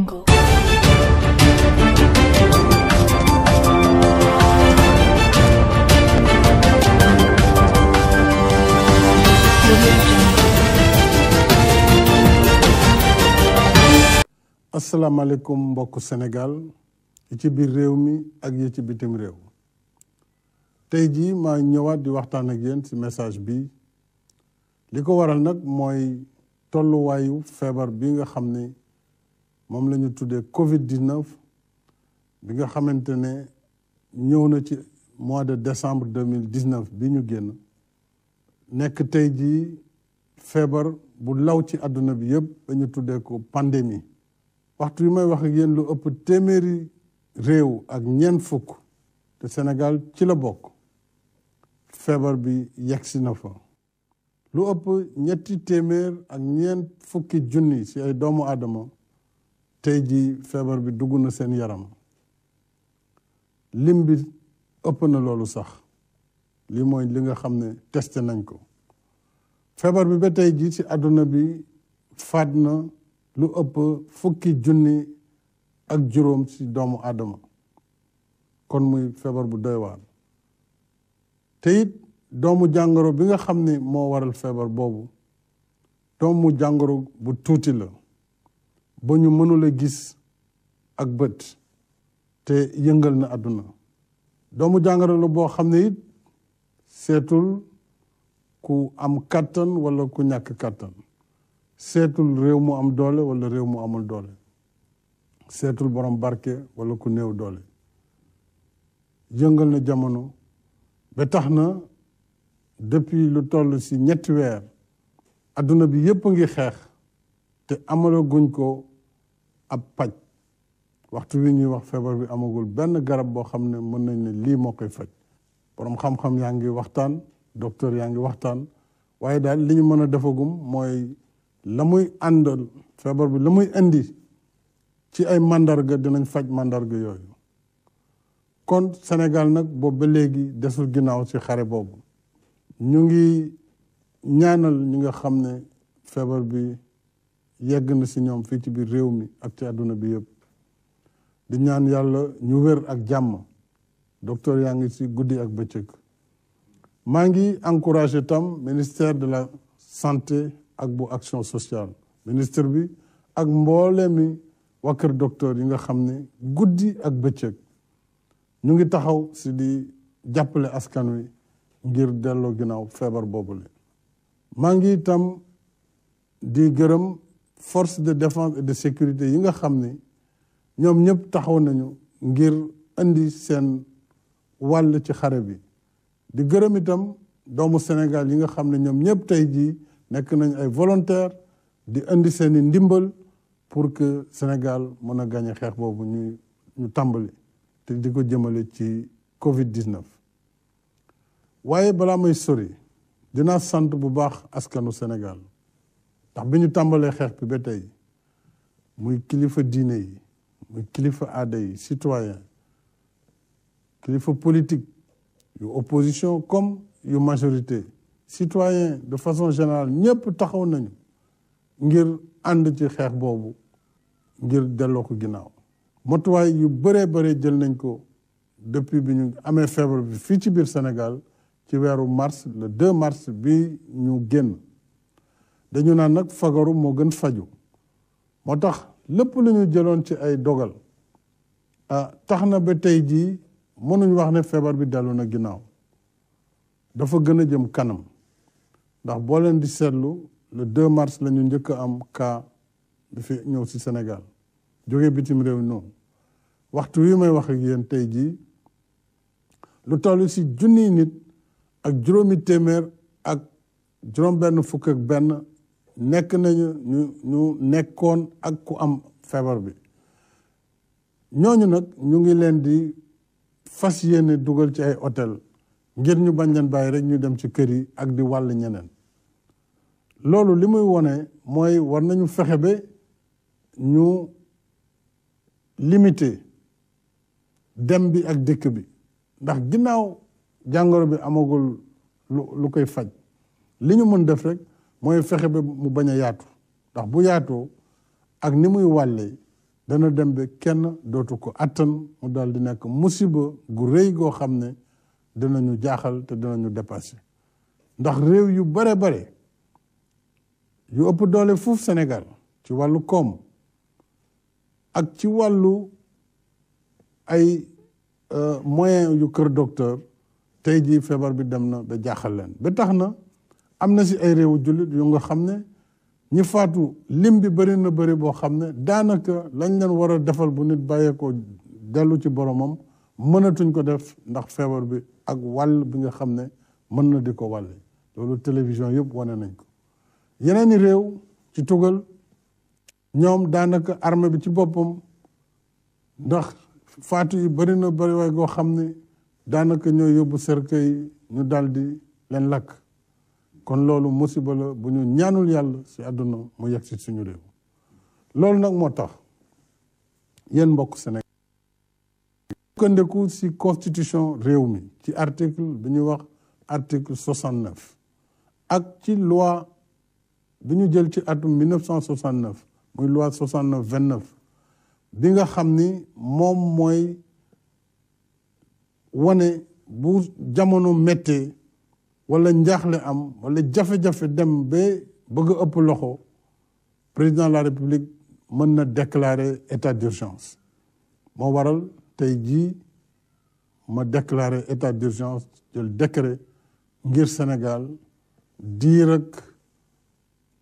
Jungle. asalaamaaleykum mbokku Sénégal yi ci biir réew mi ak yi ci bitim réew tey jii maa ñëwaat di waxtaan ak yéen ci message bi li ko waral nag mooy tolluwaayu feebar bi nga xam ni moom la ñu tuddee Covid 19 bi nga xamante ne ñëw na ci mois de décembre deux mille dix neuf bi ñu génn nekk tey jii feebar bu law ci àdduna bi yëpp ba tuddee ko pandémie waxtu yi may wax ak yéen lu ëpp téeméeri réew ak ñeent fukk te Sénégal ci la bokk feebar bi yegsi na fa. lu ëpp ñetti téeméer ak ñeent fukki junni si ay doomu aadama. tey jii feebar bi dugg na seen yaram lim bi ëpp na loolu sax li mooy li nga xam ne testé nañ ko feebar bi ba tey jii ci àdduna bi faat na lu ëpp fukki junni ak juróom ci doomu aadama kon muy feebar bu doy waar te doomu jàngoro bi nga xam ni moo waral feebar boobu doomu jàngoro bu tuuti la ba ñu mënula gis ak bët te yëngal na àdduna doomu jàngoro la boo xam ne it seetul ku am kàttan walla ku ñàkk kàttan seetul réew mu am doole wala réew mu amul doole seetul borom barke wala ku néew doole yëngal na jamono ba tax na depuis lu toll ci ñetti weer adduna bi yépp ngi xeex te amalaguñ ko ab paj waxtu wi ñuy wax feebar bi amagul benn garab boo xam ne mën nañ ne lii moo koy faj boroom xam-xam yaa ngi waxtaan docteur yaa ngi waxtaan waaye daal li mën a defagum mooy la muy àndal feebar bi la muy indi ci ay màndarga dinañ faj màndarga yooyu kon Sénégal nag boobu ba léegi desul ginnaaw si xare boobu ñu ngi ñaanal ñi nga xam ne feebar bi yegg na si ñoom fii ci biir réew mi ak ci àdduna bi yëpp di ñaan yàlla ñu wér ak jàmm docteur yaa ngi si guddi ak bëccëg maa ngi encouragé tam ministère de la santé ak bu action sociale ministre bi ak mboole mi waa kër yi nga xam ni guddi ak bëccëg ñu ngi taxaw si di jàppale askan wi ngir delloo ginnaaw feebar boobule maa ngi itam di gërëm force de défense et de sécurité yi nga xam ne ñoom ñëpp taxaw nañu ngir indi seen wàll ci xare bi di gërëm itam doomu Sénégal yi nga xam ne ñoom ñëpp tey jii nekk nañ ay volontaire di indi seen i ndimbal pour que Sénégal mën a gagné xeex boobu ñu ñu tàmbali te di ko jëmale ci Covid 19. waaye balaa may sori dinaa sant bu baax askanu Sénégal. bi ñu tàmbalee xeex bi ba tey muy kilifa diine yi muy kilifa aada yi citoyen kilifa politique yu opposition comme yu majorité citoyen de façon générale ñëpp taxaw nañu ngir ànd ci xeex boobu ngir delloo ko ginnaaw motuwaay yu bëree bëree jël nañ ko depuis bi ñu amee feebar bi fii ci biir Sénégal ci weeru mars le 2 mars bi ñu génn dañu naan nag fagaru moo gën faju moo tax lépp lu ñu jëloon ci ay dogal ah tax na ba tey jii mënuñ wax ne feebar bi dellu na ginnaaw dafa gën a jëm kanam ndax boo leen di seetlu le 2 mars lañu njëkk a am cas bi fi ñëw si senegal jóge bitim réew noonu waxtu wi may wax ak yéen tey jii lu toll si junniy nit ak juróomi téeméer ak juróom benn fukk ak benn nekk nañu ñu ñu nekkoon ak ku am feebar bi ñooñu nag ñu ngi leen di fas yéene dugal ci ay hôtel ngir ñu bañ leen bàyyi rek ñu dem ci kër yi ak di wàll ñeneen loolu li muy wone mooy war nañu fexe ba ñu limiter dem bi ak dëkk bi ndax ginnaaw jàngoro bi amagul lu koy faj li ñu mën def rek mooy fexe ba mu bañ a yaatu ndax bu yaatoo ak ni muy wàllee dana dem ba kenn dootu ko attan mu daal di nekk musiba gu rëy goo xam ne dinañu jaaxal te ñu dépassé ndax réew yu bare bare yu ëpp doole fuuf senegal ci wàllu koom ak ci wàllu ay euh, moyen yu kër docteur tey jii feebar bi dem na ba jaaxal leen ba tax na am na si ay réewu jullit yu nga xam ne ñi faatu lim bi bëri na bëri boo xam ne daanaka lañ leen war a defal bu nit bàyyeekoo dellu ci boromam mënatuñ ko def ndax feebar bi ak wàll bi nga xam ne mën na di ko wàlle loolu télévision yëpp wane nañ ko yeneen i réew ci tugal ñoom daanaka armée bi ci boppam ndax faatu yi bëri na bëri goo xam ne daanaka ñoo yóbbu cercueil yi ñu daldi leen lakk kon loolu musiba la bu ñu ñaanul yàlla si àdduna mu yegg si suñu réew loolu nag moo tax yéen mbokk Sénégal sukkandiku si constitution réew mi ci article bi wax article 69 ak ci loi bi ñu jël ci atum 1969 muy loi 69 29 bi nga xam ni moom mooy wane bu jamono méttee wala njaaxle am walla jafe-jafe dem ba bëgg ëpp loxo président de la république mën na déclarer état d'urgence moo waral tey jii ma déclarer état d'urgence jël décret ngir Sénégal diir rek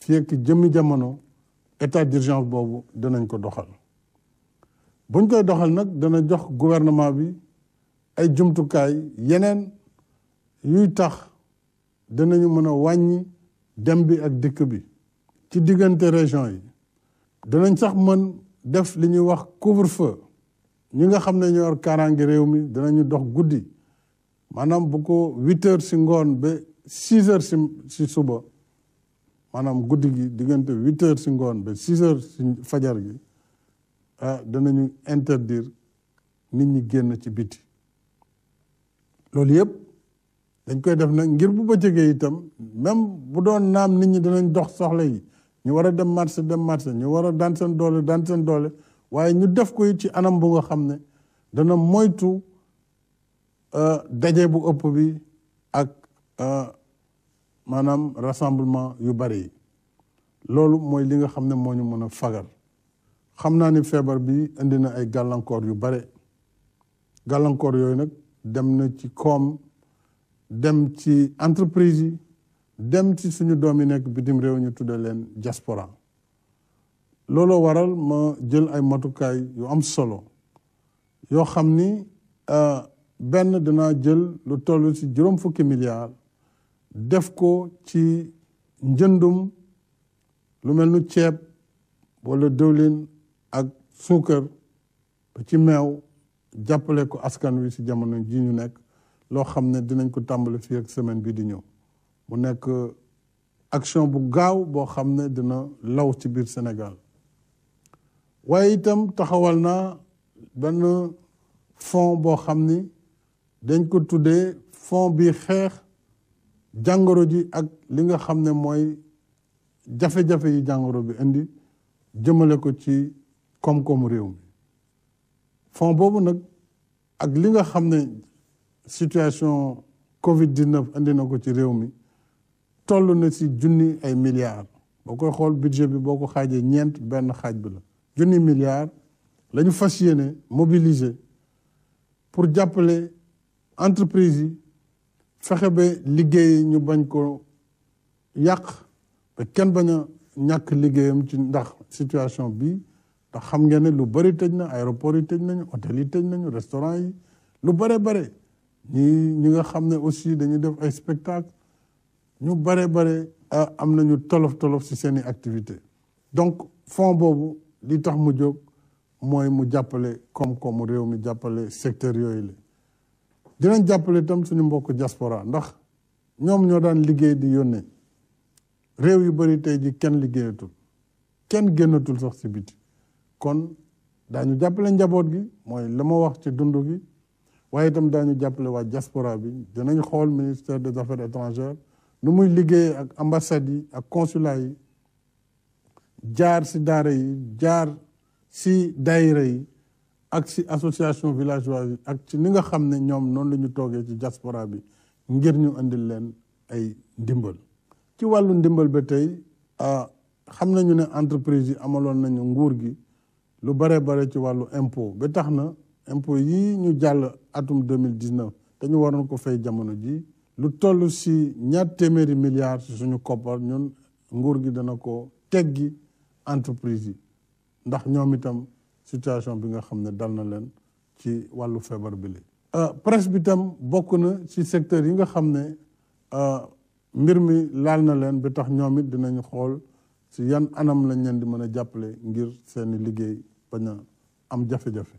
fii ak jëmmi jamono état d'urgence boobu danañ ko doxal buñ koy doxal nag dana jox gouvernement bi ay jumtukaay yeneen yuy tax dinañu mën a wàññi dem bi ak dikk bi ci diggante région yi dinañ sax mën def li ñuy wax couvre-feu ñi nga xam ne ñoo yor kaaraange réew mi dinañu dox guddi maanaam bu ko huit si ngoon ba six heures si si suba maanaam guddi gi diggante huit si ngoon be six heures si fajar gi ah danañu interdire nit ñi génn ci biti loolu yëpp dañ koy def nag ngir bu ba jegee itam même bu doon naam nit ñi danañ dox soxla yi ñu war a dem marché dem marché ñu war a daan seen doole daan seen doole waaye ñu def ko it ci anam bu nga xam ne dana moytu euh, daje bu ëpp bi ak euh, maanaam rassemblement yu bari yi loolu mooy li nga xam ne moo ñu mën a fagar xam naa ni feebar bi indi na ay gàllankoor yu bare gàllankoor yooyu nag dem na ci koom dem ci entreprise yi dem ci suñu doom yi nekk bitim réew ñu tudde leen diaspora looloo waral ma jël ay matukaay yu am solo yoo xam ni euh, benn dinaa jël lu toll si juróom fukki milliards def ko ci njëndum lu mel nu ceeb wala diwlin ak suukar ci meew jàppale ko askan wi ci jamono ji ñu nekk loo xam ne dinañ ko tàmbali fii ak semaine bii di ñëw mu nekk action bu gaaw boo xam ne dina law ci biir Sénégal waaye itam taxawal naa benn fon boo xam ni dañ ko tuddee fonds bi xeex jàngoro ji ak li nga xam ne mooy jafe-jafe yi jàngoro bi indi jëmale ko ci koom-koomu réew mi fonds boobu nag ak li nga xam ne situation Covid 19 andi na ko ci réew mi toll na si junni ay milliards boo koy xool budget bi boo ko xaajee ñeent benn xaaj bi la junni milliards lañu fas yéene mobiliser pour jàppale entreprise yi fexe ba liggéey ñu bañ ko yàq ba kenn bañ a ñàkk liggéeyam ci ndax situation bi ndax xam ngeen ne lu bëri tëj na aéroport yi tëj nañu hôtel yi tëj nañu restaurant yi lu bare bare ñii ñi nga xam ne aussi dañuy def ay spectacle ñu bare bare am nañu tolof tolof ci seeni activité donc fonds boobu li tax mu jóg mooy mu jàppale koom-koomu réew mi jàppale secteur yooyu la dinañ jàppale itam suñu mbokk diaspora ndax ñoom ñoo daan liggéey di yónnee réew yu bari tey ji kenn liggéeyatul kenn génnatul sax ci biti kon daañu jàppale njaboot gi mooy la ma wax ci dund gi waaye itam daañu jàppale waa diaspora bi danañu xool ministère des affaires étrangères nu muy liggéey ak ambassades yi ak consulat yi jaar si daara yi jaar si daayira yi ak si association villageoise yi ak ci ni nga xam ne ñoom noonu la ñu toogee ci jaspora bi ngir ñu indil leen ay ndimbal ci wàllu ndimbal ba tey xam nañu ne entreprise yi amaloon nañu nguur gi lu bare bare ci wàllu impôt ba tax na impôt yi ñu jàll atum deux mille dix neuf waroon ko fay jamono ji lu toll si ñaar téeméeri milliards si suñu koppar ñun nguur gi dana ko teggi entreprise yi ndax ñoom itam situation bi nga xam ne dal na leen ci wàllu feebar bi li euh, presse bi tam bokk na si secteur yi nga xam ne euh, mbir mi laal na leen ba tax ñoom it dinañu xool si yan anam lañ leen di mën a jàppale ngir seeni liggéey bañ a am jafe-jafe.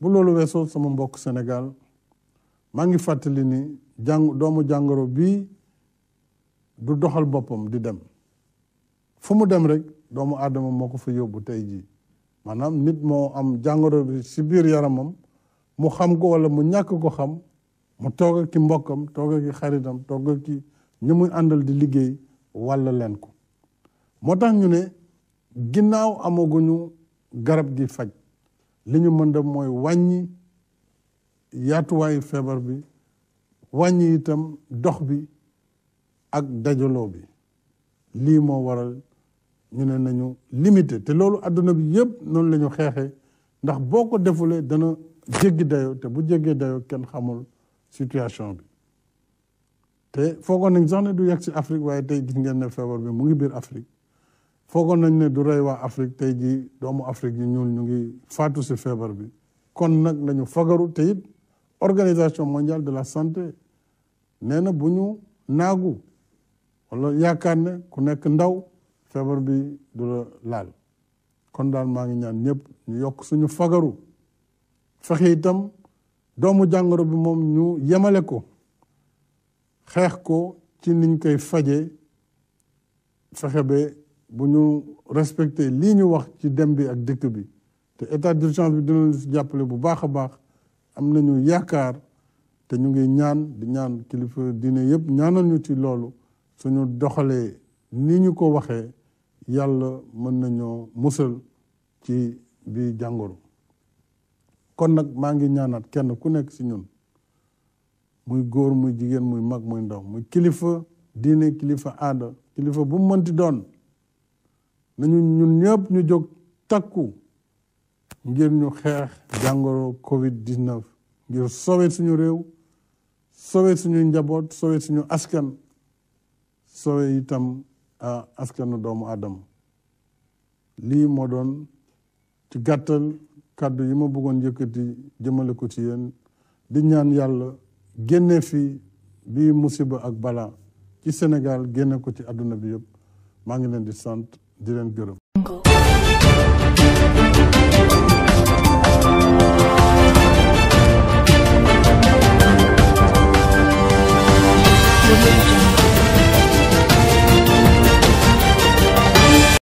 bu loolu weesoo sama mbokk Sénégal maa ngi fàttali ni jàng doomu jàngoro bii du doxal boppam di dem fu mu dem rek doomu aadama moo ko fa yóbbu tey jii maanaam nit moo am jàngoro bi ci biir yaramam mu xam ko walla mu ñàkk ko xam mu toog ak ki mbokkam toog ak ki xaritam toog ak ki ñu muy àndal di liggéey walla leen ko moo tax ñu ne ginnaaw amaguñu garab gi faj li ñu mën def mooy wàññi yaatuwaayu feebar bi wàññi itam dox bi ak dajaloo bi lii moo waral ñu ne nañu limité te loolu àdduna bi yëpp noonu lañu ñu xeexee ndax boo ko defulee dana jéggi dayoo te bu jéggee dayoo kenn xamul situation bi te foogoon nañ sax ne du yegg si Afrique waaye tey gis ngeen ne feebar bi mu ngi biir Afrique foogoon nañ ne du rey waa Afrique tey jii doomu Afrique yi ñuul ñu ngi faatu si feebar bi kon nag nañu fagaru te organisation mondiale de la santé nee na bu ñu naagu wala yaakaar ne ku nekk ndaw feebar bi du la laal kon daal maa ngi ñaan ñëpp ñu yokk suñu fagaru fexe itam doomu jàngoro bi moom ñu yemale ko xeex ko ci niñ koy faje fexe be bu ñu respecté lii ñu wax ci dem bi ak dikk bi te état d'urgence bi dinañu si jàppale bu baax a baax am nañu yaakaar te ñu ngi ñaan di ñaan kilifa diine yëpp ñaanal ñu ci loolu suñu doxalee nii ñu ko waxee yàlla mën nañoo musal ci bi jàngoro kon nag maa ngi ñaanaat kenn ku nekk ci ñun muy góor muy jigéen muy mag muy ndaw muy kilifa diine kilifa aada kilifa bu mu mënti doon nañu ñun ñëpp ñu jóg takku ngir ñu xeex jàngoro Covid 19 ngir sauver suñu réew sauver suñu njaboot sauver suñu askan sauver itam askanu doomu Adama lii moo doon ci gàttal kàddu yi ma bëggoon yëkkati jëmale ko ci yéen di ñaan yàlla génne fii bii musiba ak bala ci Sénégal génne ko ci àdduna bi yëpp maa ngi leen di sant. di leen gërëm.